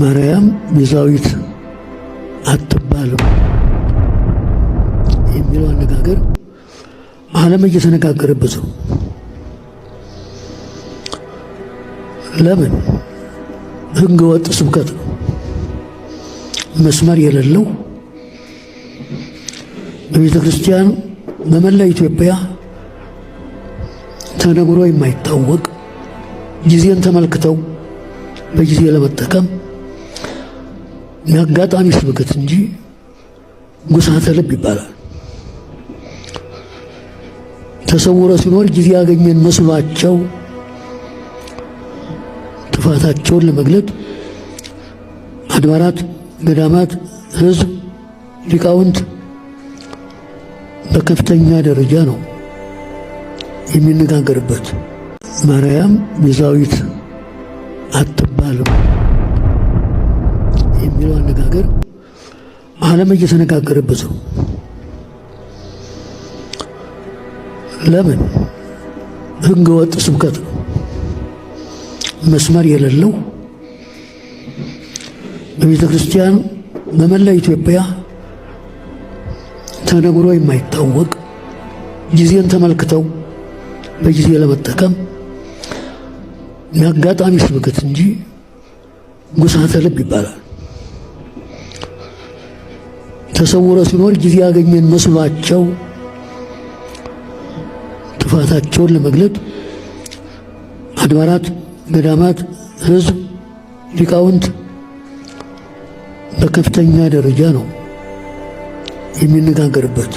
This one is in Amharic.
ማርያም ቤዛዊት አትባልም የሚለው አነጋገር ዓለም እየተነጋገረበት ነው። ለምን? ሕገ ወጥ ስብከት ነው። መስመር የሌለው በቤተ ክርስቲያን በመላ ኢትዮጵያ ተነግሮ የማይታወቅ ጊዜን ተመልክተው በጊዜ ለመጠቀም የአጋጣሚ ስብከት እንጂ ጉሳተ ልብ ይባላል። ተሰውረ ሲኖር ጊዜ ያገኘን መስሏቸው ጥፋታቸውን ለመግለጥ አድባራት፣ ገዳማት፣ ህዝብ ሊቃውንት በከፍተኛ ደረጃ ነው የሚነጋገርበት። ማርያም ቤዛዊት አትባልም። የሚለው አነጋገር ዓለም እየተነጋገረበት ነው። ለምን ህገ ወጥ ስብከት ነው? መስመር የሌለው በቤተ ክርስቲያን በመላ ኢትዮጵያ ተነግሮ የማይታወቅ ጊዜን ተመልክተው በጊዜ ለመጠቀም የአጋጣሚ ስብከት እንጂ ጉሳተ ልብ ይባላል። ተሰውሮ ሲኖር ጊዜ ያገኘን መስሏቸው ጥፋታቸውን ለመግለጥ አድባራት፣ ገዳማት፣ ህዝብ ሊቃውንት በከፍተኛ ደረጃ ነው የሚነጋገርበት።